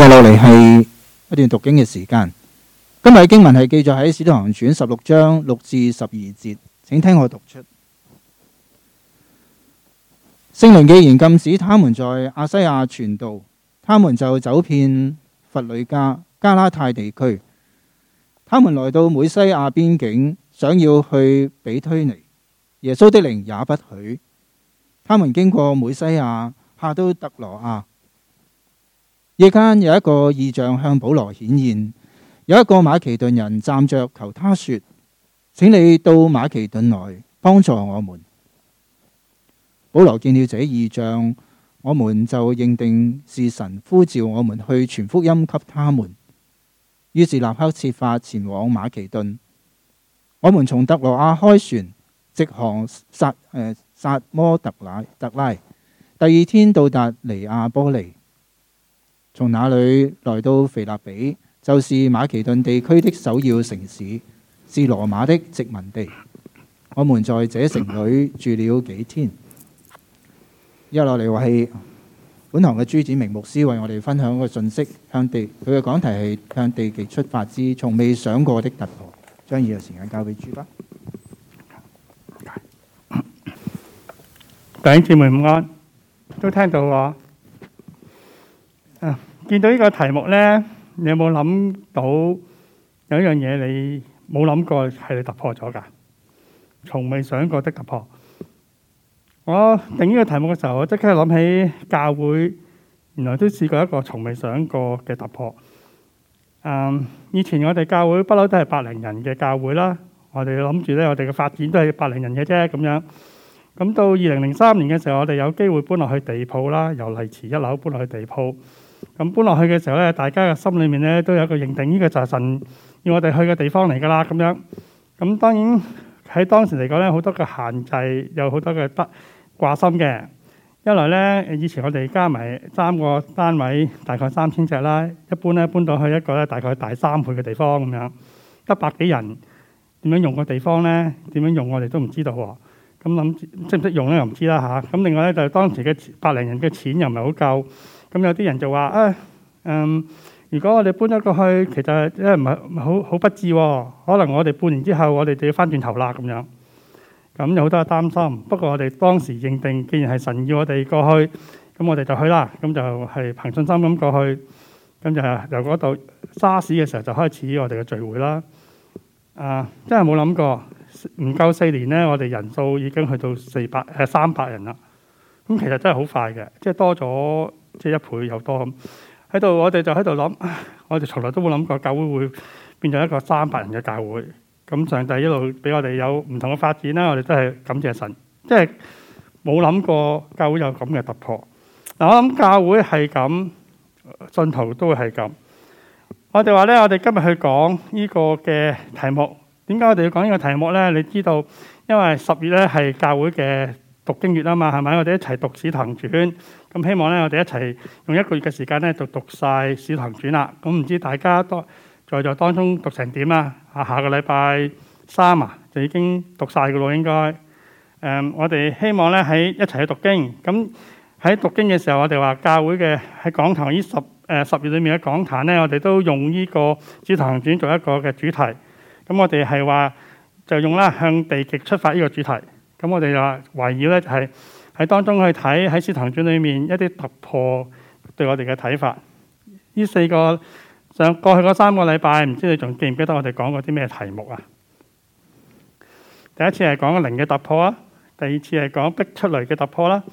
接落嚟係一段讀經嘅時間。今日經文係記載喺《使徒行傳》十六章六至十二節，請聽我讀出。聖靈既然禁止他們在亞西亞傳道，他們就走遍佛里加、加拉太地區。他們來到美西亞邊境，想要去比推尼，耶穌的靈也不許。他們經過美西亞、帕都特羅亞。夜間有一個異象向保羅顯現，有一個馬其頓人站着求他說：請你到馬其頓來幫助我們。保羅見了這異象，我們就認定是神呼召我們去傳福音給他們，於是立刻設法前往馬其頓。我們從特羅亞開船，直航薩、呃、薩摩特拉特拉，第二天到達尼亞波利。從那裡來到腓立比，就是馬其頓地區的首要城市，是羅馬的殖民地。我們在這城裏住了幾天。一落嚟話係本堂嘅朱子明牧師為我哋分享個信息，向地佢嘅講題係向地極出發之從未想過的突破。將呢個時間交俾朱巴。弟兄姊妹午安，都聽到我、啊見到呢個題目呢，你有冇諗到有一樣嘢，你冇諗過係你突破咗㗎？從未想過的突破。我定呢個題目嘅時候，我即刻諗起教會原來都試過一個從未想過嘅突破。嗯，以前我哋教會不嬲都係百零人嘅教會啦。我哋諗住咧，我哋嘅發展都係百零人嘅啫。咁樣咁到二零零三年嘅時候，我哋有機會搬落去地鋪啦，由麗池一樓搬落去地鋪。咁搬落去嘅時候咧，大家嘅心裏面咧都有一個認定，呢個就係神要我哋去嘅地方嚟噶啦。咁樣，咁當然喺當時嚟講咧，好多嘅限制，有好多嘅得掛心嘅。一來咧，以前我哋加埋三個單位，大概三千尺啦。一般咧搬到去一個咧，大概大三倍嘅地方咁樣，一百幾人點樣用個地方咧？點樣用我哋都唔知道。咁諗識唔識用咧又唔知啦吓。咁另外咧就係、是、當時嘅百零人嘅錢又唔係好夠。咁有啲人就話啊，嗯，如果我哋搬咗過去，其實即係唔係好好不智喎？可能我哋半年之後，我哋就要翻轉頭啦咁樣。咁有好多擔心，不過我哋當時認定，既然係神要我哋過去，咁我哋就去啦。咁就係憑信心咁過去。咁、嗯、就係、由嗰度沙士嘅時候就開始我哋嘅聚會啦。啊，真係冇諗過，唔夠四年咧，我哋人數已經去到四百誒、呃、三百人啦。咁其實真係好快嘅，即係多咗。即係一倍又多咁，喺度我哋就喺度諗，我哋從來都冇諗過教會會變咗一個三百人嘅教會。咁上帝一路俾我哋有唔同嘅發展啦，我哋都係感謝神。即係冇諗過教會有咁嘅突破。嗱，我諗教會係咁，信徒都係咁。我哋話咧，我哋今日去講呢個嘅題目，點解我哋要講呢個題目咧？你知道，因為十月咧係教會嘅。讀經月啊嘛，係咪？我哋一齊讀史《使徒傳》，咁希望咧，我哋一齊用一個月嘅時間咧，就讀晒使徒傳》啦。咁唔知大家當在座當中讀成點啊？下下個禮拜三啊，就已經讀晒噶咯，應該。誒，我哋希望咧喺一齊去讀經。咁喺讀經嘅時候，我哋話教會嘅喺講堂呢十誒十月裏面嘅講壇咧，我哋都用呢個《使徒傳》做一個嘅主題。咁我哋係話就用啦向地極出發呢個主題。咁我哋就圍繞咧，就係、是、喺當中去睇喺《使徒傳》裏面一啲突破對我哋嘅睇法。呢四個上過去嗰三個禮拜，唔知你仲記唔記得我哋講過啲咩題目啊？第一次係講零嘅突破啊，第二次係講逼出嚟嘅突破啦，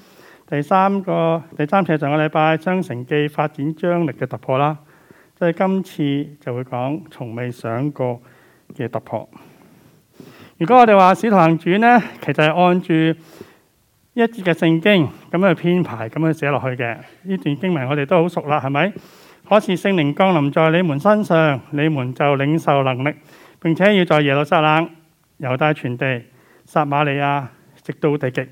第三個、第三次係上個禮拜《雙城記》發展張力嘅突破啦，即、就、係、是、今次就會講從未想過嘅突破。如果我哋話使徒行傳咧，其實係按住一節嘅聖經咁樣去編排，咁樣寫落去嘅。呢段經文我哋都好熟啦，係咪？可是聖靈降臨在你們身上，你們就領受能力，並且要在耶路撒冷、猶大全地、撒瑪利亞，直到地極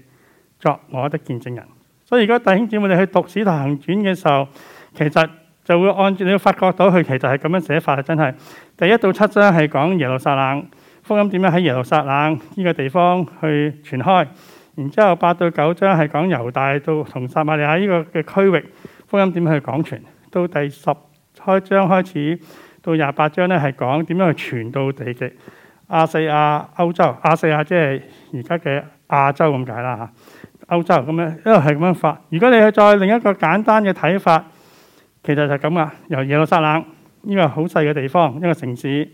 作我的見證人。所以如果弟兄姊妹哋去讀使徒行傳嘅時候，其實就會按住你會發覺到佢其實係咁樣寫法，真係第一到七章係講耶路撒冷。福音點樣喺耶路撒冷呢個地方去傳開？然之後八到九章係講猶大到同撒瑪利亞呢個嘅區域，福音點去講傳？到第十開章開始到廿八章咧，係講點樣去傳到地極，亞細亞、歐洲、亞細亞即係而家嘅亞洲咁解啦嚇。歐洲咁樣一路係咁樣發。如果你去再另一個簡單嘅睇法，其實就咁啦，由耶路撒冷呢個好細嘅地方，一個城市。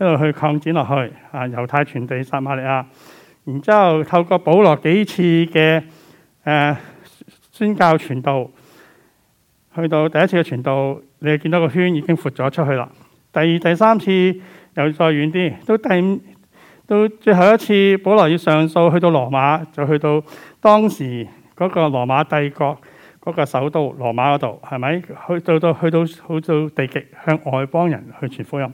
一路去擴展落去，啊，猶太傳地撒瑪利亞，然之後透過保羅幾次嘅誒、呃、宣教傳道，去到第一次嘅傳道，你見到個圈已經闊咗出去啦。第二、第三次又再遠啲，到第五、到最後一次，保羅要上訴，去到羅馬，就去到當時嗰個羅馬帝國嗰個首都羅馬嗰度，係咪？去到到去到好到，到地極，向外邦人去傳福音。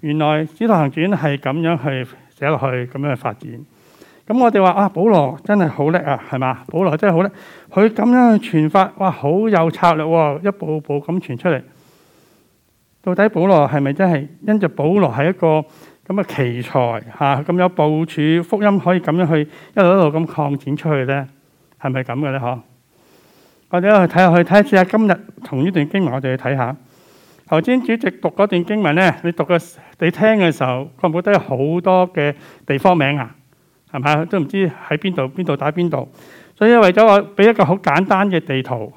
原來《使徒行傳》係咁樣去寫落去，咁樣去發展。咁我哋話啊，保羅真係好叻啊，係嘛？保羅真係好叻，佢咁樣去傳法，哇，好有策略，一步一步咁傳出嚟。到底保羅係咪真係因着保羅係一個咁嘅奇才吓，咁有部署福音可以咁樣去一路一路咁擴展出去咧？係咪咁嘅咧？嗬？我哋一去睇下去，睇一次，今日同呢段經文，我哋去睇下頭先主席讀嗰段經文咧，你讀嘅。你聽嘅時候，覺唔覺得有好多嘅地方名啊？係咪？都唔知喺邊度，邊度打邊度。所以為咗我俾一個好簡單嘅地圖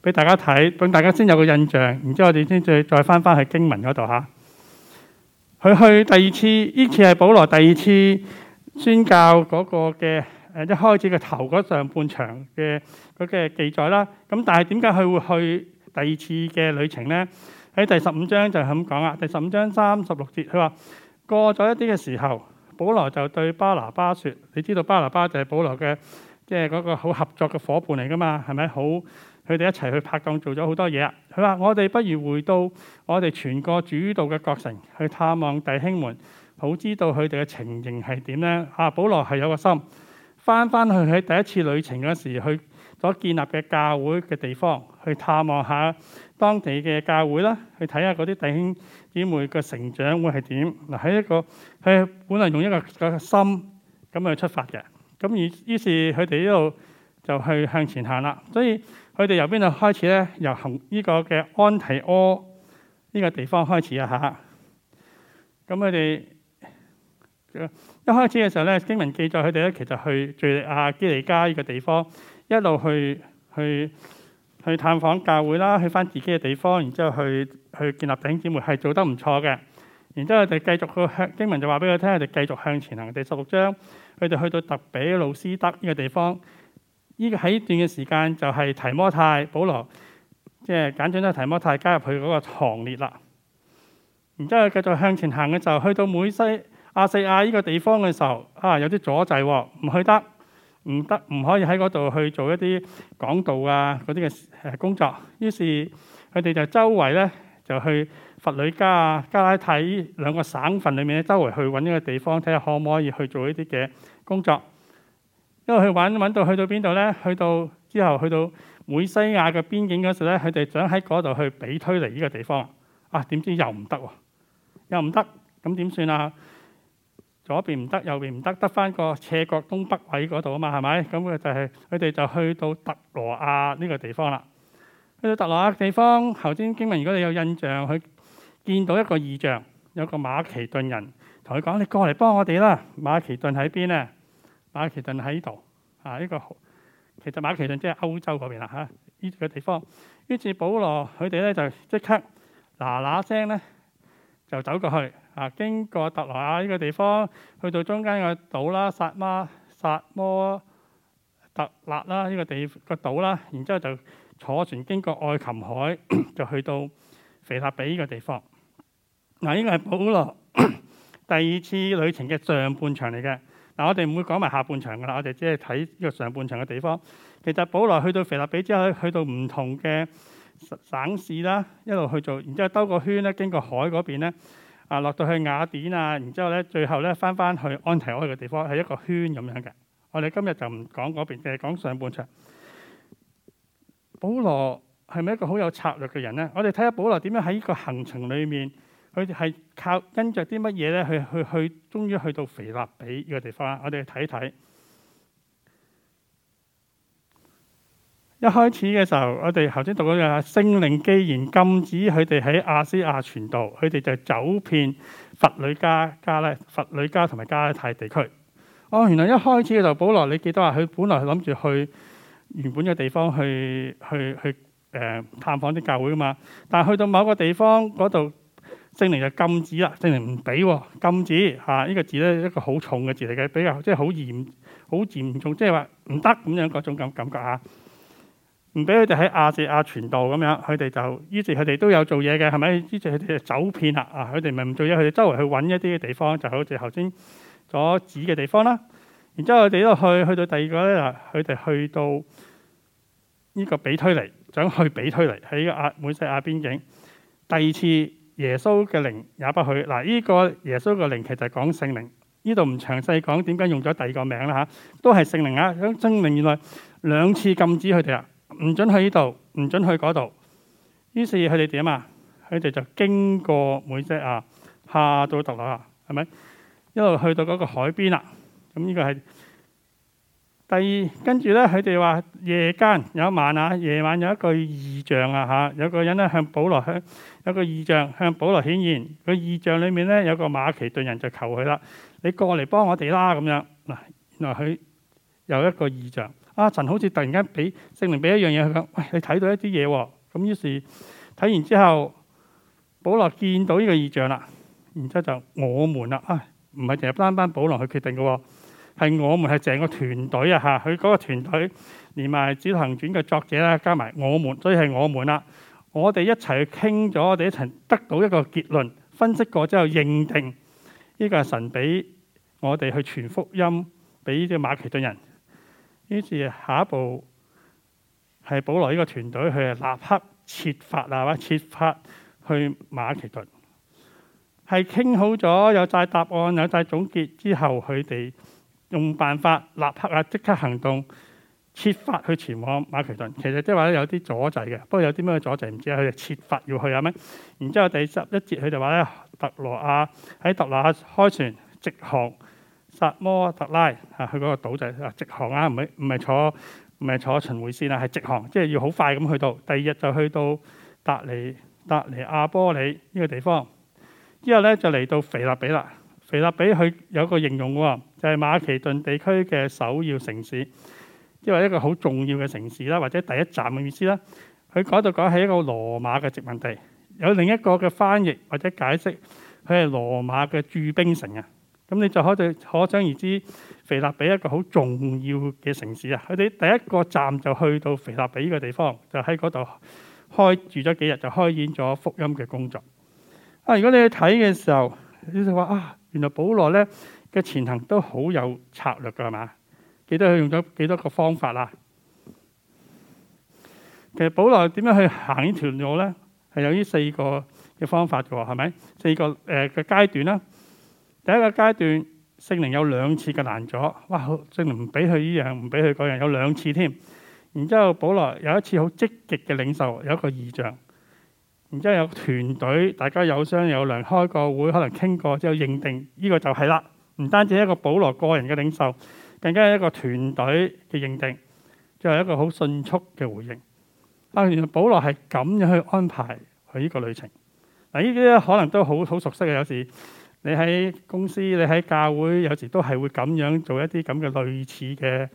俾大家睇，等大家先有個印象，然之後我哋先再再翻翻去經文嗰度嚇。佢去第二次，呢次係保羅第二次宣教嗰個嘅誒，一開始嘅頭嗰上半場嘅嗰嘅記載啦。咁但係點解佢會去第二次嘅旅程咧？喺第十五章就係咁講啦。第十五章三十六節，佢話：過咗一啲嘅時候，保羅就對巴拿巴説：你知道巴拿巴就係保羅嘅，即係嗰個好合作嘅伙伴嚟噶嘛？係咪？好，佢哋一齊去拍檔做咗好多嘢。佢話：我哋不如回到我哋全個主道嘅各城去探望弟兄們，好知道佢哋嘅情形係點咧？啊，保羅係有個心，返返去喺第一次旅程嗰時去所建立嘅教會嘅地方。去探望下當地嘅教會啦，去睇下嗰啲弟兄姊妹嘅成長會係點嗱？喺一個佢本嚟用一個個心咁去出發嘅咁，而於是佢哋呢度就去向前行啦。所以佢哋由邊度開始咧？由行呢個嘅安提阿呢個地方開始啊！嚇，咁佢哋一開始嘅時候咧，經文記載佢哋咧，其實去敍利亞基尼加呢個地方一路去去，去去探訪教會啦，去翻自己嘅地方，然之後去去建立弟兄姊妹係做得唔錯嘅。然之後佢哋繼續去，向經文就話俾佢聽，我哋繼續向前行。第十六章，佢哋去到特比魯斯德呢個地方，呢、這個喺呢段嘅時間就係提摩太保羅，即係簡短咗提摩太加入佢嗰個行列啦。然之後繼續向前行嘅時候，去到每西亞細亞呢個地方嘅時候，啊有啲阻滯，唔去得。唔得，唔可以喺嗰度去做一啲講道啊，嗰啲嘅誒工作。於是佢哋就周圍咧，就去弗呂家啊、加拉太兩個省份裏面咧，周圍去揾一個地方，睇下可唔可以去做呢啲嘅工作。因為去揾揾到去到邊度咧，去到之後去到美西亞嘅邊境嗰時咧，佢哋想喺嗰度去庇推尼呢個地方。啊，點知又唔得喎，又唔得，咁點算啊？左邊唔得，右邊唔得，得翻個斜角東北位嗰度啊嘛，係咪？咁佢就係佢哋就去到特羅亞呢個地方啦。去到特羅亞地方，頭先經文如果你有印象，佢見到一個異象，有個馬其頓人同佢講：你過嚟幫我哋啦！馬其頓喺邊啊？馬其頓喺度啊！呢個其實馬其頓即係歐洲嗰邊啦嚇，啊，呢個地方。於是保羅佢哋咧就即刻嗱嗱聲咧就走過去。啊！經過特羅亞呢個地方，去到中間個島啦，薩馬薩摩，摩特納啦，呢個地、這個島啦，然之後就坐船經過愛琴海，就去到腓立比呢個地方。嗱、這個，呢個係保羅第二次旅程嘅上半場嚟嘅。嗱，我哋唔會講埋下半場㗎啦，我哋只係睇呢個上半場嘅地方。其實保羅去到腓立比之後，去到唔同嘅省市啦，一路去做，然之後兜個圈咧，經過海嗰邊咧。啊，落到去雅典啊，然之後咧，最後咧，翻翻去安提奧去嘅地方，係一個圈咁樣嘅。我哋今日就唔講嗰邊嘅，淨係講上半場。保羅係咪一個好有策略嘅人咧？我哋睇下保羅點樣喺呢個行程裡面，佢係靠跟著啲乜嘢咧，去去去，終於去到腓立比呢個地方。我哋睇睇。一開始嘅時候，我哋頭先讀咗嘅聖靈，聖靈既然禁止佢哋喺亞斯亞全道，佢哋就走遍佛裏加加拉佛裏加同埋加拉太地區。哦，原來一開始嘅時候，保羅你記得啊？佢本來係諗住去原本嘅地方去去去誒、呃、探訪啲教會㗎嘛，但係去到某個地方嗰度，聖靈就禁止啦，聖靈唔俾禁止嚇呢、啊這個字咧，一個好重嘅字嚟嘅，比較即係好嚴好嚴重，即係話唔得咁樣嗰種感感覺嚇。唔俾佢哋喺亞細亞傳道咁樣，佢哋就於是佢哋都有做嘢嘅，係咪？於是佢哋走遍啦啊！佢哋咪唔做嘢，佢哋周圍去揾一啲嘅地方，就好似頭先所指嘅地方啦。然之後佢哋都去，去到第二個咧，佢哋去到呢個庇推尼，想去庇推尼，喺個每西亞邊境。第二次耶穌嘅靈也不去嗱，呢、這個耶穌嘅靈其實係講聖靈，呢度唔詳細講點解用咗第二個名啦嚇，都係聖靈啊！證明原來兩次禁止佢哋啊。唔准去呢度，唔准去嗰度。於是佢哋點啊？佢哋就經過每西亞，下到特羅亞，係咪？一路去到嗰個海邊啦。咁呢個係第二。跟住咧，佢哋話：夜間有一晚啊，夜晚有一個異象啊嚇。有個人咧向保羅向有個異象向保羅顯現。個異象裡面咧有個馬其頓人就求佢啦：你過嚟幫我哋啦咁樣嗱。原來佢有一個異象。啊！神好似突然間俾聖靈俾一樣嘢佢咁，喂你睇到一啲嘢喎。咁於是睇完之後，保羅見到呢個異象啦。然之後就我們啦，啊唔係淨係單單保羅去決定嘅喎，係我們係成個團隊啊嚇。佢嗰個團隊連埋《使徒行傳》嘅作者啦，加埋我們，所以係我們啦。我哋一齊去傾咗，我哋一齊得到一個結論，分析過之後認定呢、這個係神俾我哋去傳福音俾呢個馬其頓人。於是下一步係保羅呢個團隊，佢係立刻設法啊，或者設法去馬其頓，係傾好咗，有曬答案，有曬總結之後，佢哋用辦法立刻啊，即刻行動，設法去前往馬其頓。其實即係話咧，有啲阻滯嘅，不過有啲咩阻滯唔知啊。佢哋設法要去啊咩？然之後第十一節佢就話咧，特羅亞喺特羅亞開船直航。薩摩特拉啊，去嗰個島就係、是、直航啊，唔係唔係坐唔係坐巡迴線啊，係直航，即、就、係、是、要好快咁去到。第二日就去到達尼達尼亞波里呢個地方，之後咧就嚟到腓立比啦。腓立比佢有個形容喎，就係、是、馬其頓地區嘅首要城市，即係一個好重要嘅城市啦，或者第一站嘅意思啦。佢講到講係一個羅馬嘅殖民地，有另一個嘅翻譯或者解釋，佢係羅馬嘅駐兵城啊。咁你就可以可想而知，腓立比一個好重要嘅城市啊！佢哋第一個站就去到腓立比嘅地方，就喺嗰度開住咗幾日，就開展咗福音嘅工作。啊！如果你去睇嘅時候，你就話啊，原來保羅咧嘅前行都好有策略噶，係嘛？幾多佢用咗幾多個方法啦、啊？其實保羅點樣去行條呢條路咧，係有呢四個嘅方法嘅，係咪？四個誒嘅階段啦、啊。第一個階段，聖靈有兩次嘅攔阻。哇！聖靈唔俾佢依樣，唔俾佢嗰樣，有兩次添。然之後，保羅有一次好積極嘅領受，有一個異象。然之後有團隊，大家有商有量，開個會，可能傾過之後認定呢、這個就係啦。唔單止一個保羅個人嘅領受，更加係一個團隊嘅認定，最後一個好迅速嘅回應。嗱，原來保羅係咁樣去安排佢呢個旅程。嗱，依啲咧可能都好好熟悉嘅，有時。你喺公司，你喺教會，有時都係會咁樣做一啲咁嘅類似嘅，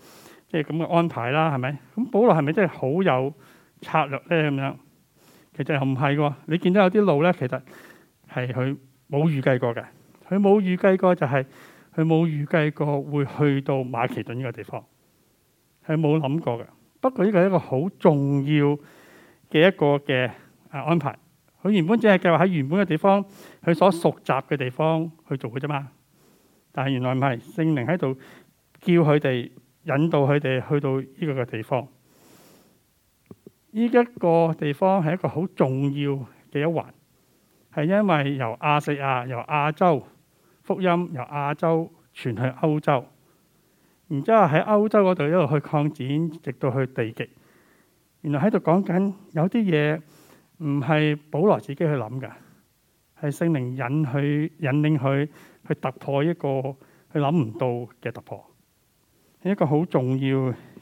即係咁嘅安排啦，係咪？咁保羅係咪真係好有策略咧？咁樣其實又唔係喎，你見到有啲路咧，其實係佢冇預計過嘅，佢冇預計過就係佢冇預計過會去到馬其頓呢個地方，佢冇諗過嘅。不過呢個係一個好重要嘅一個嘅啊安排。佢原本只係計劃喺原本嘅地方，佢所熟習嘅地方去做嘅啫嘛。但係原來唔係，聖靈喺度叫佢哋引導佢哋去到呢個嘅地方。呢一個地方係一個好重要嘅一環，係因為由亞細亞、由亞洲福音由亞洲傳去歐洲，然之後喺歐洲嗰度一路去擴展，直到去地極。原來喺度講緊有啲嘢。唔係保羅自己去諗嘅，係聖靈引佢引領佢去，去突破一個佢諗唔到嘅突破，係一個好重要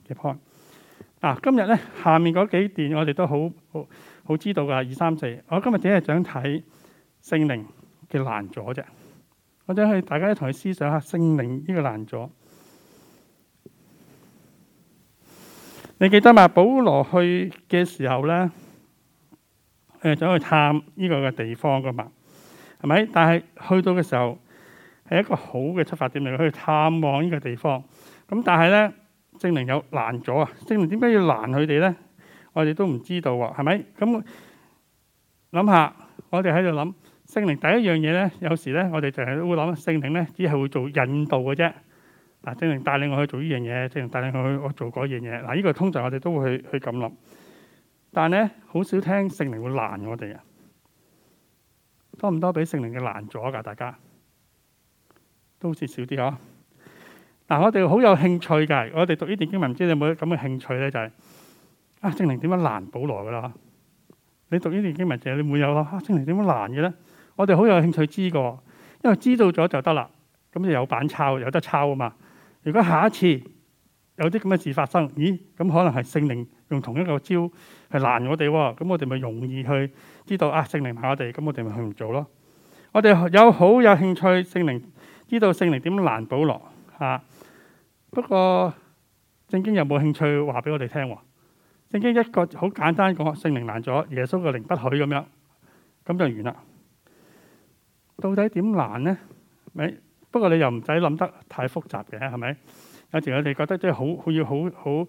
嘅 point。嗱、啊，今日咧下面嗰幾段我哋都好好知道噶二三四。4，我今日只係想睇聖靈嘅難咗啫，我想去大家一同去思想下聖靈呢個難咗。你記得嘛？保羅去嘅時候咧。誒想去探呢個嘅地方㗎嘛，係咪？但係去到嘅時候係一個好嘅出發點嚟，去探望呢個地方。咁但係咧，聖靈又攔咗啊！聖靈點解要攔佢哋咧？我哋都唔知道啊，係咪？咁諗下，我哋喺度諗聖靈第一樣嘢咧，有時咧我哋成日都會諗聖靈咧只係會做引導嘅啫。嗱，聖靈帶領我去做呢樣嘢，聖靈帶領我去做嗰樣嘢。嗱，呢個通常我哋都會去咁諗。但係咧，好少聽聖靈會攔我哋啊！多唔多俾聖靈嘅攔咗噶、啊？大家都好似少啲呵、啊。嗱、啊，我哋好有興趣㗎。我哋讀呢段經文，唔知你有冇咁嘅興趣咧？就係、是、啊，聖靈點樣攔保羅㗎啦？你讀呢段經文就你會有囉。啊，聖靈點樣攔嘅咧？我哋好有興趣知㗎，因為知道咗就得啦。咁就有版抄，有得抄啊嘛。如果下一次有啲咁嘅事發生，咦？咁可能係聖靈。用同一個招係攔我哋喎，咁我哋咪容易去知道啊聖靈難我哋，咁我哋咪去唔做咯。我哋有好有興趣聖靈知道聖靈點攔保羅啊，不過聖經有冇興趣話俾我哋聽？聖經一個好簡單講，聖靈難咗，耶穌嘅靈不許咁樣，咁就完啦。到底點攔呢？咪不過你又唔使諗得太複雜嘅，係咪？有時我哋覺得即係好好要好好。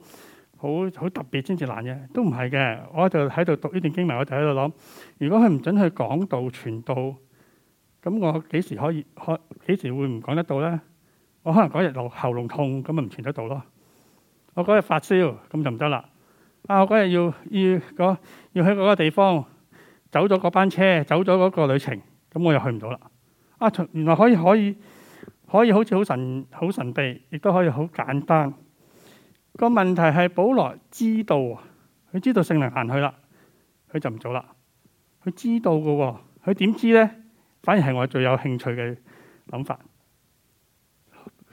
好好特別先至難嘅，都唔係嘅。我就喺度讀呢段經文，我就喺度諗：如果佢唔准去講道傳道，咁我幾時可以可幾時會唔講得到咧？我可能嗰日喉喉嚨痛，咁咪唔傳得到咯。我嗰日發燒，咁就唔得啦。啊，我嗰日要要要，要，要去嗰個地方，走咗嗰班車，走咗嗰個旅程，咁我又去唔到啦。啊，原來可以可以可以好似好神好神秘，亦都可以好簡單。個問題係保羅知道，佢知道聖靈難佢啦，佢就唔做啦。佢知道嘅，佢點知咧？反而係我最有興趣嘅諗法。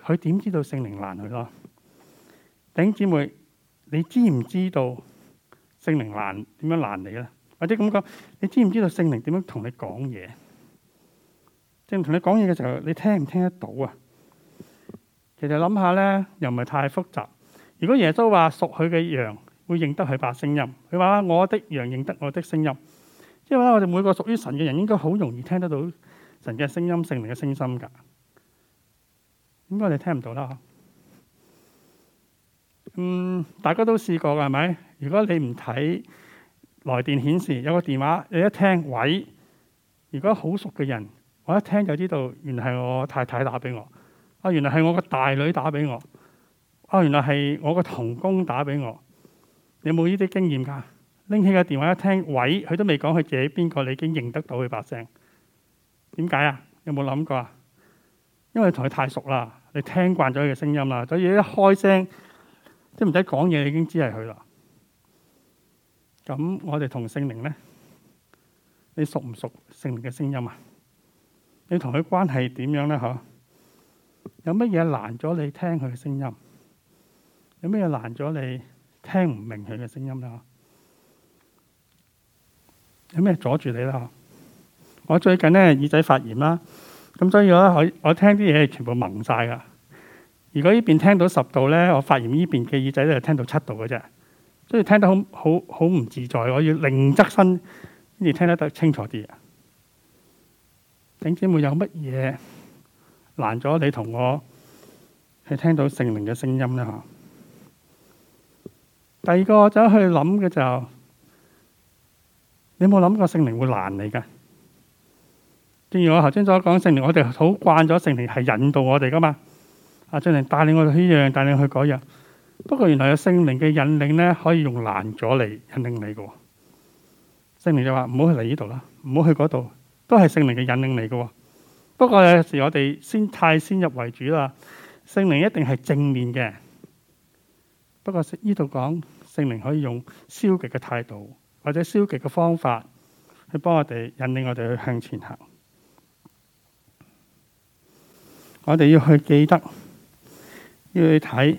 佢點知道聖靈難佢咯？弟兄姊妹，你知唔知道聖靈難點樣難你咧？或者咁講，你知唔知道聖靈點樣同你講嘢？即係同你講嘢嘅時候，你聽唔聽得到啊？其實諗下咧，又唔係太複雜。如果耶穌話屬佢嘅羊會認得佢把聲音，佢話我的羊認得我的聲音。因為咧，我哋每個屬於神嘅人應該好容易聽得到神嘅聲音、聖靈嘅聲音㗎。應該你聽唔到啦。嗯，大家都試過㗎，係咪？如果你唔睇來電顯示，有個電話你一聽，喂，如果好熟嘅人，我一聽就知道，原來係我太太打俾我。啊，原來係我個大女打俾我。哦，原來係我個同工打俾我。你有冇呢啲經驗㗎？拎起個電話一聽，喂，佢都未講佢自己邊個，你已經認得到佢把聲。點解啊？有冇諗過啊？因為你同佢太熟啦，你聽慣咗佢嘅聲音啦，所以一開聲，都唔使講嘢，你已經知係佢啦。咁我哋同聖靈咧，你熟唔熟聖靈嘅聲音啊？你同佢關係點樣咧？嚇？有乜嘢難咗你聽佢嘅聲音？有咩難咗你聽唔明佢嘅聲音啦？有咩阻住你啦？我最近咧，耳仔發炎啦，咁所以咧我我，我聽啲嘢，全部蒙晒㗎。如果呢邊聽到十度咧，我發炎呢邊嘅耳仔咧就聽到七度嘅啫，所以聽得好好好唔自在。我要另側身先至聽得得清楚啲。弟兄姊妹有乜嘢難咗你同我去聽到聖靈嘅聲音咧？吓？第二個走去諗嘅就是，你冇諗過聖靈會攔你嘅。正如我頭先所講，聖靈我哋好慣咗聖靈係引導我哋噶嘛，啊聖靈帶領我去呢樣，帶領去嗰樣，樣。不過原來有聖靈嘅引領咧，可以用攔咗嚟引領你嘅。聖靈就話唔好去嚟呢度啦，唔好去嗰度，都係聖靈嘅引領嚟嘅。不過有時我哋先太先入為主啦，聖靈一定係正面嘅。不過，呢度講聖靈可以用消極嘅態度或者消極嘅方法去幫我哋引領我哋去向前行。我哋要去記得，要去睇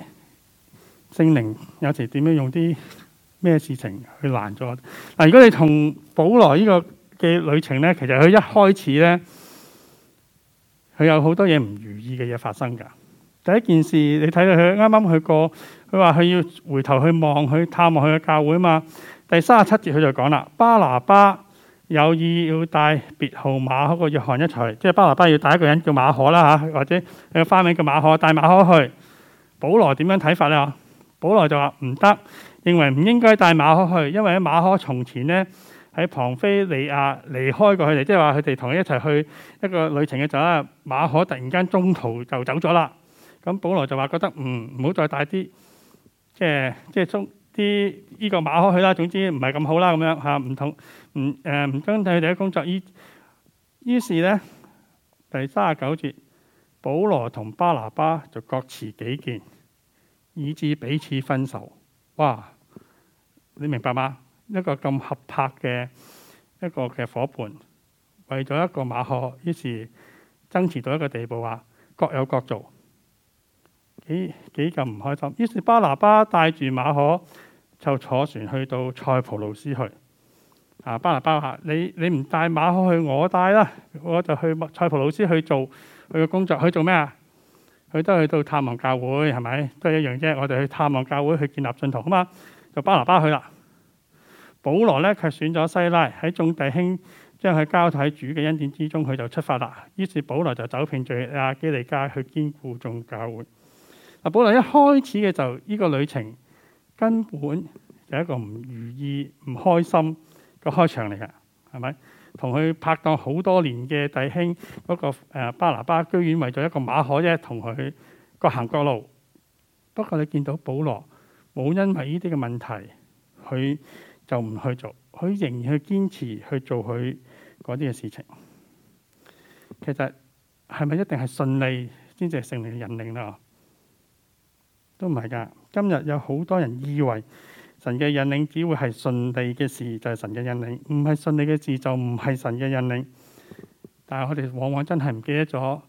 聖靈有時點樣用啲咩事情去攔阻我哋。嗱，如果你同保羅呢個嘅旅程咧，其實佢一開始咧，佢有好多嘢唔如意嘅嘢發生㗎。第一件事，你睇到佢啱啱去過，佢話佢要回頭去望去探望佢嘅教會啊嘛。第三十七節佢就講啦，巴拿巴有意要帶別號馬可個約翰一齊，即係巴拿巴要帶一個人叫馬可啦吓，或者佢個花名叫馬可，帶馬可去。保羅點樣睇法咧？保羅就話唔得，認為唔應該帶馬可去，因為喺馬可從前咧喺龐菲利亞離開過佢哋，即係話佢哋同佢一齊去一個旅程嘅時候咧，馬可突然間中途就走咗啦。咁保羅就話覺得唔唔好再帶啲即係即係將啲依個馬可去啦。總之唔係咁好啦，咁樣嚇唔同唔誒唔跟佢哋嘅工作。於，於是咧第三十九節，保羅同巴拿巴就各持己見，以致彼此分手。哇！你明白嗎？一個咁合拍嘅一個嘅伙伴，為咗一個馬可，於是爭持到一個地步啊，各有各做。幾幾咁唔開心，於是巴拿巴帶住馬可就坐船去到塞浦路斯去。啊，巴拿巴嚇，你，你唔帶馬可去，我帶啦。我就去塞浦路斯去做佢嘅工作，去做咩啊？佢都去到探望教會，係咪都係一樣啫？我哋去探望教會，去建立信徒好嘛，就巴拿巴去啦。保羅咧卻選咗西拉，喺眾弟兄將佢交託主嘅恩典之中，佢就出發啦。於是保羅就走遍敘利亞、基利家去兼顧眾教會。啊！保羅一開始嘅就呢個旅程根本係一個唔如意、唔開心嘅開場嚟嘅，係咪？同佢拍檔好多年嘅弟兄嗰個巴拿巴，居然為咗一個馬可啫，同佢各行各路。不過你見到保羅冇因為呢啲嘅問題，佢就唔去做，佢仍然去堅持去做佢嗰啲嘅事情。其實係咪一定係順利先至係勝利嘅人命啊？都唔係噶，今日有好多人以為神嘅引領只會係順利嘅事就係、是、神嘅引領，唔係順利嘅事就唔係神嘅引領。但係我哋往往真係唔記得咗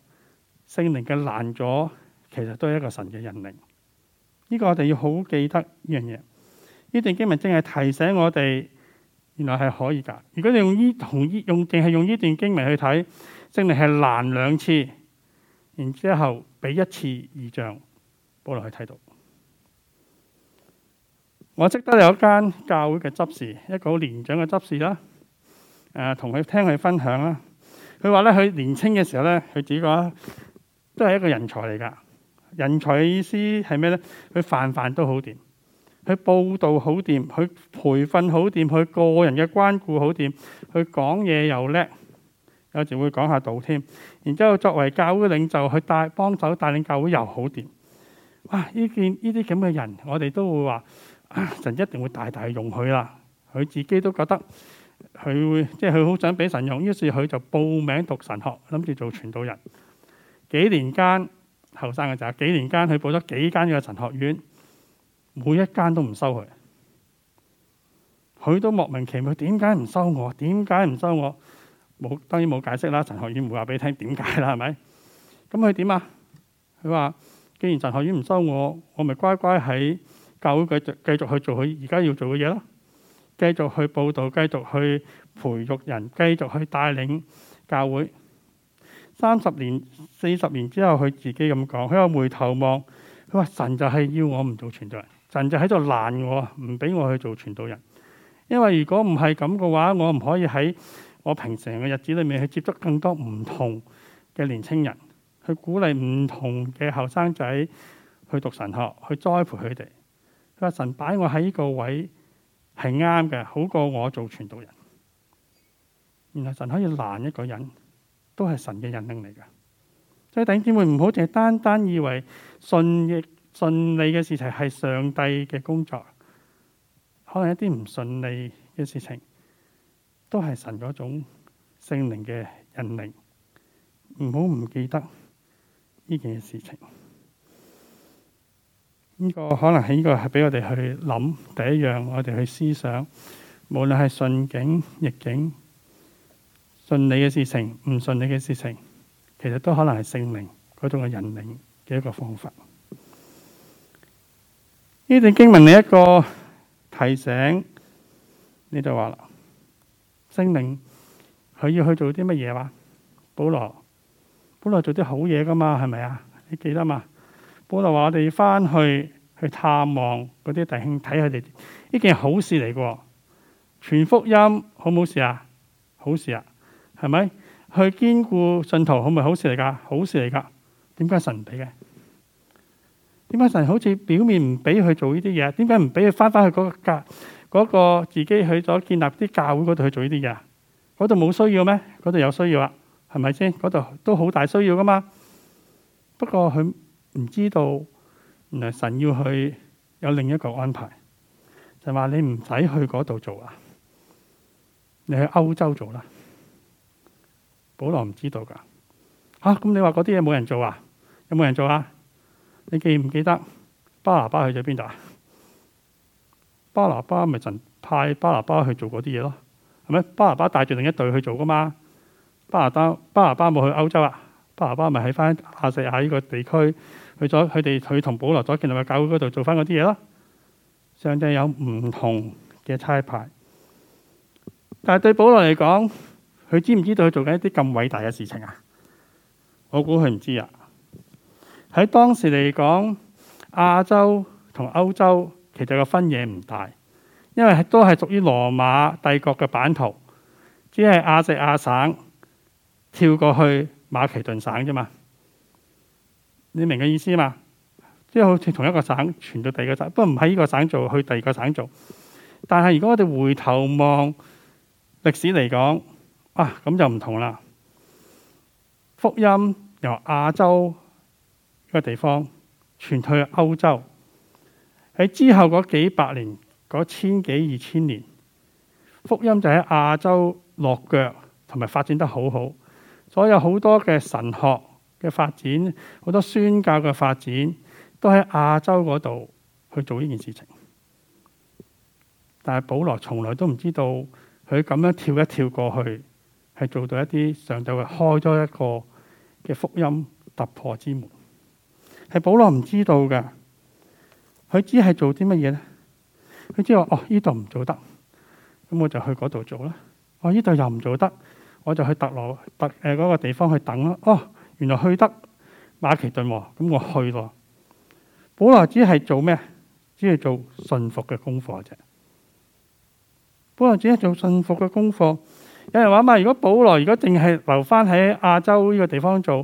聖靈嘅攔阻，其實都係一個神嘅引領。呢、這個我哋要好記得呢樣嘢。呢段經文正係提醒我哋，原來係可以噶。如果你用呢同呢用淨係用呢段經文去睇，聖靈係攔兩次，然之後俾一次異象。保留去睇到。我記得有一間教會嘅執事，一個好年長嘅執事啦、啊呃，誒，同佢聽佢分享啦、啊。佢話咧，佢年輕嘅時候咧，佢自己講都係一個人才嚟㗎。人才嘅意思係咩咧？佢飯飯都好掂，佢報道好掂，佢培訓好掂，佢個人嘅關顧好掂，佢講嘢又叻，有時會講下道添。然之後作為教會領袖，佢帶幫手帶領教會又好掂。啊！呢件呢啲咁嘅人，我哋都會話就、啊、神一定會大大用佢啦。佢自己都覺得佢會，即係佢好想俾神用，於是佢就報名讀神學，諗住做傳道人。幾年間，後生嘅就係幾年間，佢報咗幾間嘅神學院，每一間都唔收佢。佢都莫名其妙，點解唔收我？點解唔收我？無當然冇解釋啦。神學院唔會話俾你聽點解啦，係咪？咁佢點啊？佢話。既然神學院唔收我，我咪乖乖喺教會繼續繼續去做佢而家要做嘅嘢咯。繼續去報道，繼續去培育人，繼續去帶領教會。三十年、四十年之後，佢自己咁講，佢話回頭望，佢話神就係要我唔做傳道人，神就喺度攔我，唔俾我去做傳道人。因為如果唔係咁嘅話，我唔可以喺我平常嘅日子裏面去接觸更多唔同嘅年青人。去鼓勵唔同嘅後生仔去讀神學，去栽培佢哋。佢話神擺我喺呢個位係啱嘅，好過我做傳道人。原來神可以難一個人，都係神嘅引領嚟嘅。所以弟兄姊妹唔好淨係單單以為順逆順利嘅事情係上帝嘅工作，可能一啲唔順利嘅事情都係神嗰種聖靈嘅引領。唔好唔記得。呢件事情，呢個可能喺呢個係俾我哋去諗第一樣，我哋去思想，無論係順境逆境，順你嘅事情，唔順你嘅事情，其實都可能係聖靈佢同嘅人靈嘅一個方法。呢段經文你一個提醒，你就話啦，聖靈，佢要去做啲乜嘢話？保羅。本來做啲好嘢噶嘛，係咪啊？你記得嘛？本來話我哋要翻去去探望嗰啲弟兄，睇佢哋呢件事好事嚟噶，全福音好冇事啊？好事啊？係咪？去堅固信徒，係咪好事嚟噶？好事嚟噶？點解神唔俾嘅？點解神好似表面唔俾佢做呢啲嘢？點解唔俾佢翻翻去嗰個教嗰、嗰個自己去咗建立啲教會嗰度去做呢啲嘢？嗰度冇需要咩？嗰度有需要啊！係咪先？嗰度都好大需要噶嘛。不過佢唔知道，原來神要去有另一個安排，就話、是、你唔使去嗰度做啊，你去歐洲做啦、啊。保羅唔知道噶。吓、啊，咁你話嗰啲嘢冇人做啊？有冇人做啊？你記唔記得巴拿巴去咗邊度啊？巴拿巴咪神派巴拿巴，巴去做嗰啲嘢咯，係咪？巴拿巴帶住另一隊去做噶嘛。巴拿丹巴拿巴冇去歐洲啊，巴拿巴咪喺翻亞細亞呢個地區去咗。佢哋佢同保羅在建立嘅教會嗰度做翻嗰啲嘢咯。上帝有唔同嘅差派，但係對保羅嚟講，佢知唔知道佢做緊一啲咁偉大嘅事情啊？我估佢唔知啊。喺當時嚟講，亞洲同歐洲其實個分野唔大，因為都係屬於羅馬帝國嘅版圖，只係亞細亞省。跳過去馬其頓省啫嘛，你明嘅意思嘛？即係好似同一個省傳到第二個省，不過唔喺呢個省做，去第二個省做。但係如果我哋回頭望歷史嚟講，啊咁就唔同啦。福音由亞洲一個地方傳去歐洲，喺之後嗰幾百年、嗰千幾二千年，福音就喺亞洲落腳同埋發展得好好。所有好多嘅神學嘅發展，好多宣教嘅發展，都喺亞洲嗰度去做呢件事情。但係保羅從來都唔知道，佢咁樣跳一跳過去，係做到一啲上帝會開咗一個嘅福音突破之門，係保羅唔知道噶。佢只係做啲乜嘢咧？佢只話哦，呢度唔做得，咁我就去嗰度做啦。哦，呢度又唔做得。我就去特羅特誒嗰、呃嗰個地方去等咯。哦，原來去得馬其頓喎，咁我去咯。保羅只係做咩？只係做順服嘅功課啫。保羅只係做順服嘅功課。有人話嘛？如果保羅如果淨係留翻喺亞洲呢個地方做，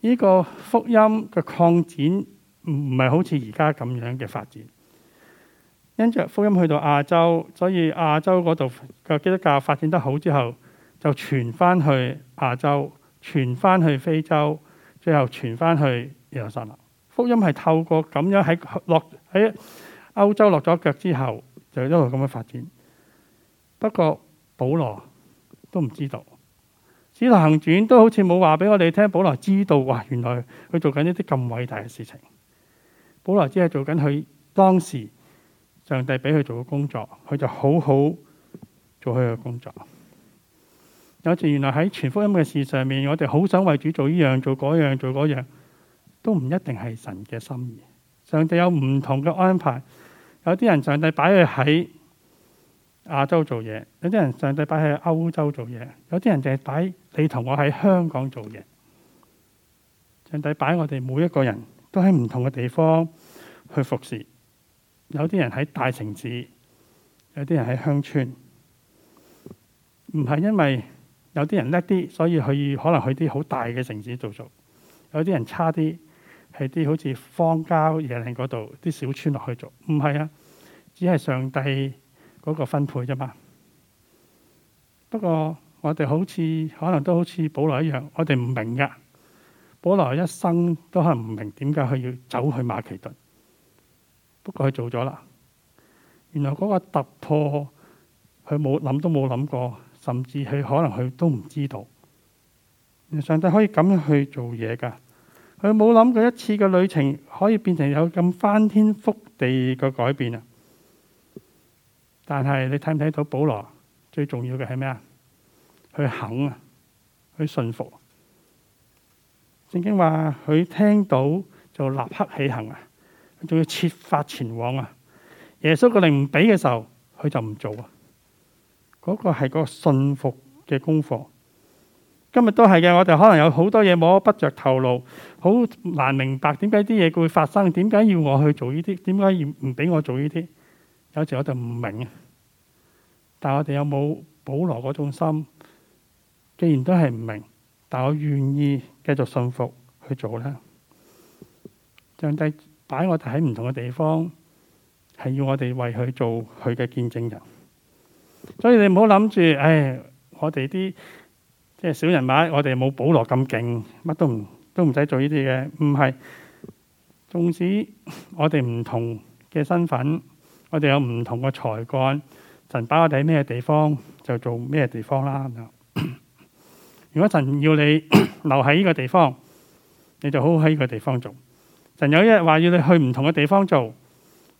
呢、呢個福音嘅擴展唔唔係好似而家咁樣嘅發展。跟着福音去到亞洲，所以亞洲嗰度嘅基督教發展得好之後，就傳翻去亞洲，傳翻去非洲，最後傳翻去耶路撒冷。福音係透過咁樣喺落喺歐洲落咗腳之後，就一路咁樣發展。不過保羅都唔知道，《使徒行傳》都好似冇話俾我哋聽。保羅知道哇，原來佢做緊一啲咁偉大嘅事情。保羅只係做緊佢當時。上帝俾佢做嘅工作，佢就好好做佢嘅工作。有時原來喺全福音嘅事上面，我哋好想為主做呢樣做嗰樣做嗰樣，都唔一定係神嘅心意。上帝有唔同嘅安排，有啲人上帝擺佢喺亞洲做嘢，有啲人上帝擺佢喺歐洲做嘢，有啲人淨係擺你同我喺香港做嘢。上帝擺我哋每一個人都喺唔同嘅地方去服事。有啲人喺大城市，有啲人喺鄉村，唔係因為有啲人叻啲，所以佢可,可能去啲好大嘅城市做做；有啲人差啲，喺啲好似荒郊野嶺嗰度，啲小村落去做。唔係啊，只係上帝嗰個分配啫嘛。不過我哋好似可能都好似保羅一樣，我哋唔明噶。保羅一生都係唔明點解佢要走去馬其頓。不過佢做咗啦，原來嗰個突破，佢冇諗都冇諗過，甚至佢可能佢都唔知道，上帝可以咁樣去做嘢噶，佢冇諗過一次嘅旅程可以變成有咁翻天覆地嘅改變啊！但係你睇唔睇到保羅最重要嘅係咩啊？佢肯啊，佢信服。聖經話佢聽到就立刻起行啊！佢仲要設法前往啊！耶穌嘅靈唔俾嘅時候，佢就唔做啊！嗰個係個信服嘅功課。今日都係嘅，我哋可能有好多嘢摸不着頭腦，好難明白點解啲嘢佢會發生，點解要我去做呢啲，點解要唔俾我做呢啲？有時我就唔明啊！但係我哋有冇保羅嗰種心？既然都係唔明，但我願意繼續信服去做啦。降低。擺我哋喺唔同嘅地方，係要我哋為佢做佢嘅見證人。所以你唔好諗住，唉，我哋啲即係小人物，我哋冇保羅咁勁，乜都唔都唔使做呢啲嘢。唔係，縱使我哋唔同嘅身份，我哋有唔同嘅才幹，神擺我哋喺咩地方就做咩地方啦。 如果神要你 留喺呢個地方，你就好好喺呢個地方做。神有一日話要你去唔同嘅地方做，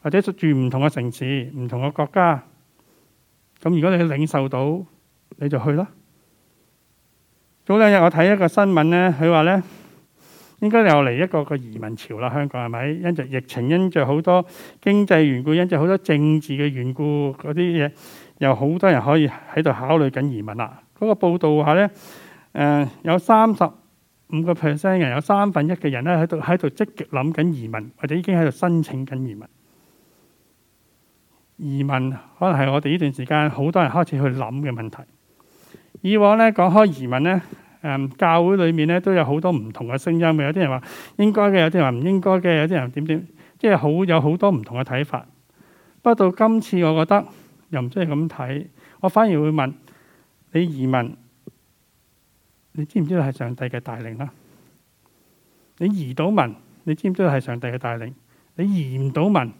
或者住唔同嘅城市、唔同嘅國家。咁如果你去領受到，你就去咯。早兩日我睇一個新聞咧，佢話咧應該又嚟一個個移民潮啦，香港係咪？因着疫情，因着好多經濟緣故，因着好多政治嘅緣故嗰啲嘢，有好多人可以喺度考慮緊移民啦。嗰個報道話咧，誒有三十五個 percent 人，有三分一嘅人咧喺度喺度積極諗緊移民，或者已經喺度申請緊移民。移民可能係我哋呢段時間好多人開始去諗嘅問題。以往咧講開移民咧，誒教會裏面咧都有好多唔同嘅聲音嘅，有啲人話應該嘅，有啲人話唔應該嘅，有啲人點點，即係好有好多唔同嘅睇法。不過到今次，我覺得又唔中意咁睇，我反而會問你移民，你知唔知道係上帝嘅帶領啊？你移到民，你知唔知道係上帝嘅帶領？你移唔到民，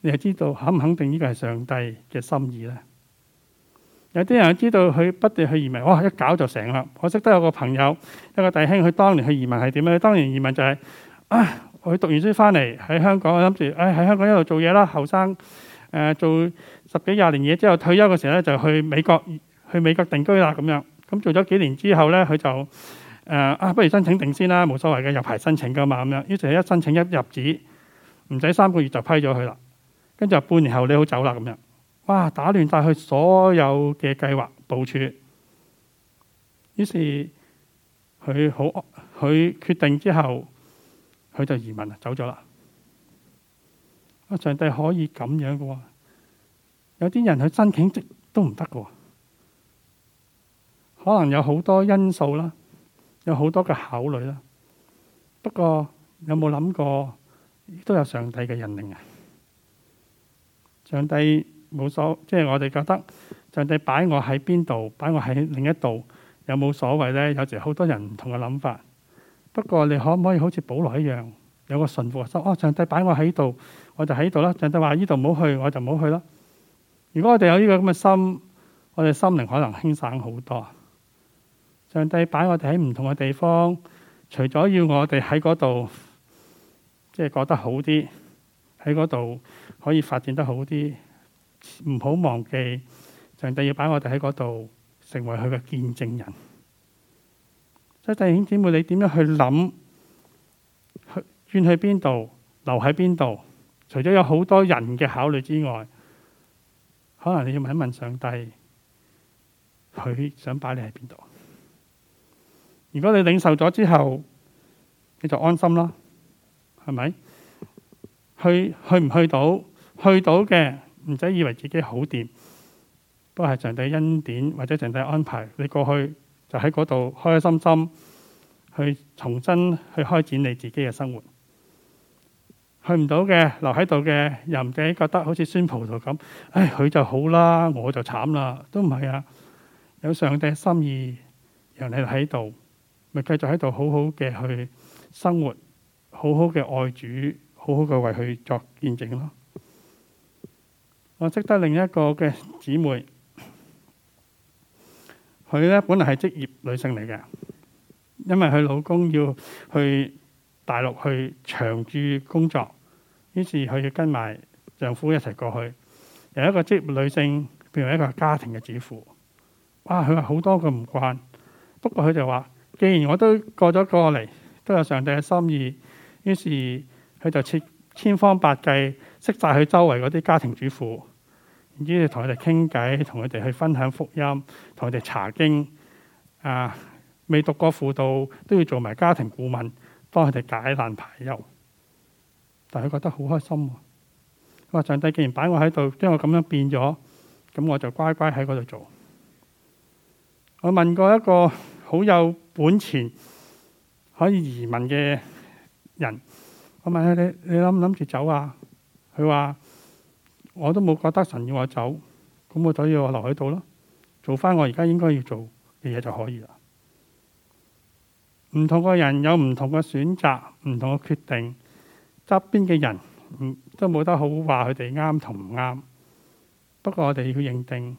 你就知道肯唔肯定呢個係上帝嘅心意咧？有啲人知道佢不斷去移民，哇！一搞就成啦。我識得都有個朋友，一個弟兄，佢當年去移民係點咧？當年移民就係、誒、佢讀完書翻嚟喺香港，諗住誒喺香港一路做嘢啦。後生誒做十幾廿年嘢之後退休嘅時候咧，就去美國去美國定居啦咁樣。咁做咗幾年之後咧，佢就誒啊、呃，不如申請定先啦，冇所謂嘅，入排申請噶嘛咁樣。於是一申請一入紙，唔使三個月就批咗佢啦。跟住又半年後，你好走啦咁樣。哇！打亂晒佢所有嘅計劃部署。於是佢好，佢決定之後，佢就移民啦，走咗啦。啊！上帝可以咁樣嘅喎，有啲人去申請都唔得嘅喎。可能有好多因素啦，有好多嘅考慮啦。不過有冇諗過，亦都有上帝嘅引領啊？上帝冇所，即係我哋覺得上帝擺我喺邊度，擺我喺另一度，有冇所謂咧？有時好多人唔同嘅諗法。不過你可唔可以好似保羅一樣，有個信服心？哦，上帝擺我喺度，我就喺度啦。上帝話呢度唔好去，我就唔好去啦。如果我哋有呢個咁嘅心，我哋心靈可能輕省好多。上帝擺我哋喺唔同嘅地方，除咗要我哋喺嗰度，即係過得好啲，喺嗰度可以發展得好啲，唔好忘記上帝要擺我哋喺嗰度，成為佢嘅見證人。所以弟兄姊妹，你點樣去諗？願去邊度，留喺邊度？除咗有好多人嘅考慮之外，可能你要問一問上帝，佢想擺你喺邊度？如果你領受咗之後，你就安心啦，係咪去去唔去到？去到嘅唔使以為自己好掂，都係上帝恩典或者上帝安排。你過去就喺嗰度開開心心去重新去開展你自己嘅生活。去唔到嘅，留喺度嘅又唔使覺得好似酸葡萄咁。唉，佢就好啦，我就慘啦，都唔係啊。有上帝心意，讓你喺度。咪繼續喺度好好嘅去生活，好好嘅愛主，好好嘅為佢作見證咯。我識得另一個嘅姊妹，佢咧本嚟係職業女性嚟嘅，因為佢老公要去大陸去長住工作，於是佢要跟埋丈夫一齊過去。由一個職業女性變為一個家庭嘅主婦，哇！佢話好多個唔慣，不過佢就話。既然我都過咗過嚟，都有上帝嘅心意，於是佢就設千方百計，識晒佢周圍嗰啲家庭主婦，然之後同佢哋傾偈，同佢哋去分享福音，同佢哋查經，啊，未讀過輔導都要做埋家庭顧問，幫佢哋解難排憂，但係佢覺得好開心。佢話上帝既然擺我喺度，將我咁樣變咗，咁我就乖乖喺嗰度做。我問過一個。好有本錢可以移民嘅人，我問佢：你你諗唔諗住走啊？佢話：我都冇覺得神要我走，咁我就要我留喺度咯，做翻我而家應該要做嘅嘢就可以啦。唔同嘅人有唔同嘅選擇，唔同嘅決定。側邊嘅人都冇得好話佢哋啱同唔啱，不過我哋要認定。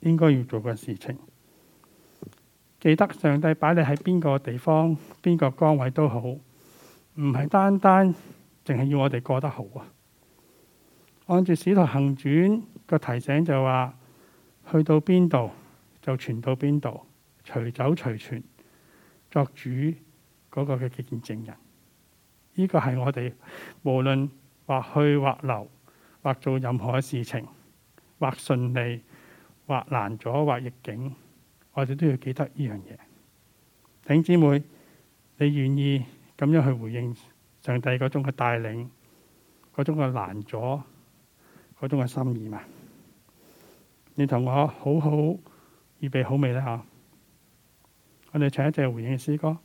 應該要做嘅事情，記得上帝擺你喺邊個地方、邊個崗位都好，唔係單單淨係要我哋過得好啊。按住使徒行傳嘅提醒就話，去到邊度就傳到邊度，隨走隨傳，作主嗰個嘅見證人。呢、呢個係我哋無論或去或留，或做任何嘅事情，或順利。或難阻，或逆境，我哋都要記得呢樣嘢。弟兄姊妹，你願意咁樣去回應上帝嗰種嘅帶領，嗰種嘅難阻，嗰種嘅心意嘛？你同我好好預備好未咧？吓，我哋唱一隻回應嘅詩歌。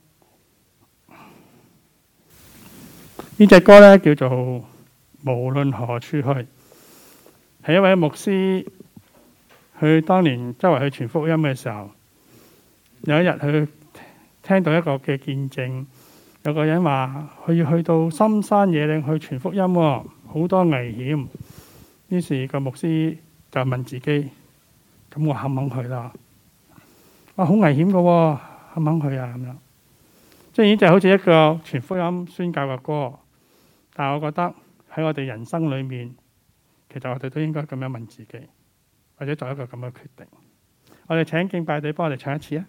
歌呢隻歌咧叫做《無論何處去》，係一位牧師。佢當年周圍去傳福音嘅時候，有一日佢聽到一個嘅見證，有個人話佢要去到深山野嶺去傳福音，好多危險。於是個牧師就問自己：咁我肯唔肯去啦？啊，好危險㗎，肯唔肯去啊？咁樣，即係已經就好似一個傳福音宣教嘅歌。但係我覺得喺我哋人生裏面，其實我哋都應該咁樣問自己。或者做一個咁嘅決定，我哋請敬拜隊幫我哋唱一次啊！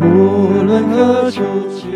無論何處。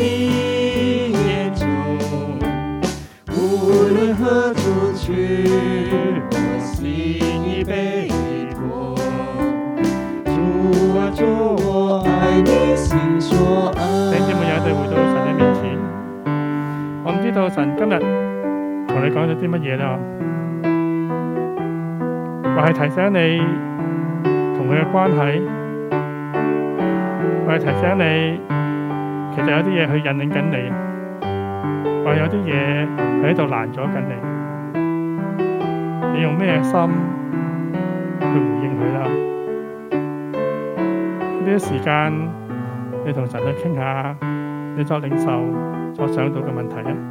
弟兄姊妹一齊回到神嘅面前，我唔知道，道神今日同你講咗啲乜嘢啦，或係提醒你同佢嘅關係，我係提醒你其實有啲嘢去引領緊你。話有啲嘢佢喺度攔咗緊你，你用咩心去回應佢啦？呢啲時間你同神去傾下，你作領袖所想到嘅問題咧。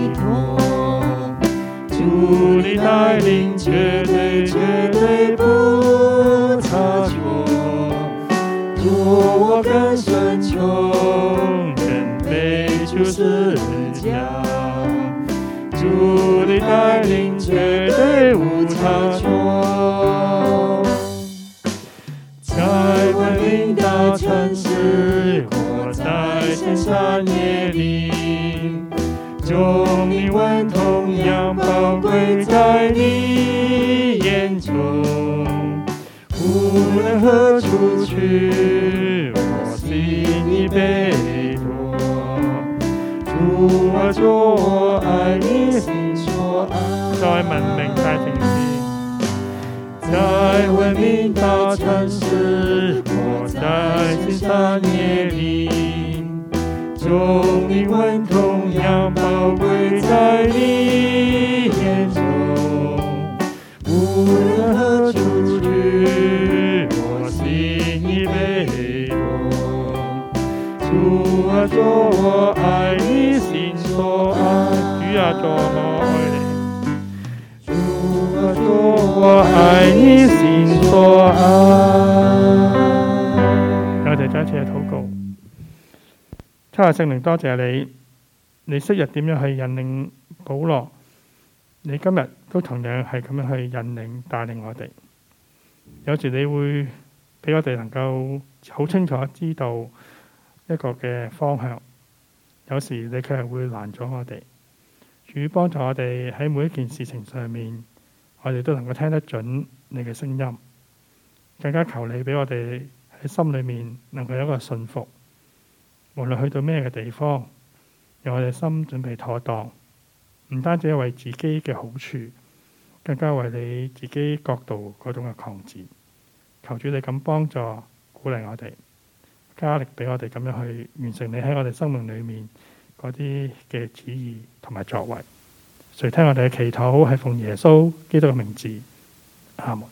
做我愛你、啊，心所愛主啊，做我愛、啊啊。做我愛你、啊，心所愛。我哋再一次嘅禱告，天父聖靈，多謝你，你昔日點樣去引領保羅，你今日都同樣係咁樣去引領帶領我哋。有時你會俾我哋能夠好清楚知道。一個嘅方向，有時你卻係會攔咗我哋，主幫助我哋喺每一件事情上面，我哋都能夠聽得準你嘅聲音，更加求你俾我哋喺心裏面能夠有一個信服，無論去到咩嘅地方，讓我哋心準備妥當，唔單止為自己嘅好處，更加為你自己角度嗰種嘅抗旨，求主你咁幫助鼓勵我哋。加力俾我哋咁樣去完成你喺我哋生命裏面嗰啲嘅旨意同埋作為，垂聽我哋嘅祈禱係奉耶穌基督嘅名字，阿門。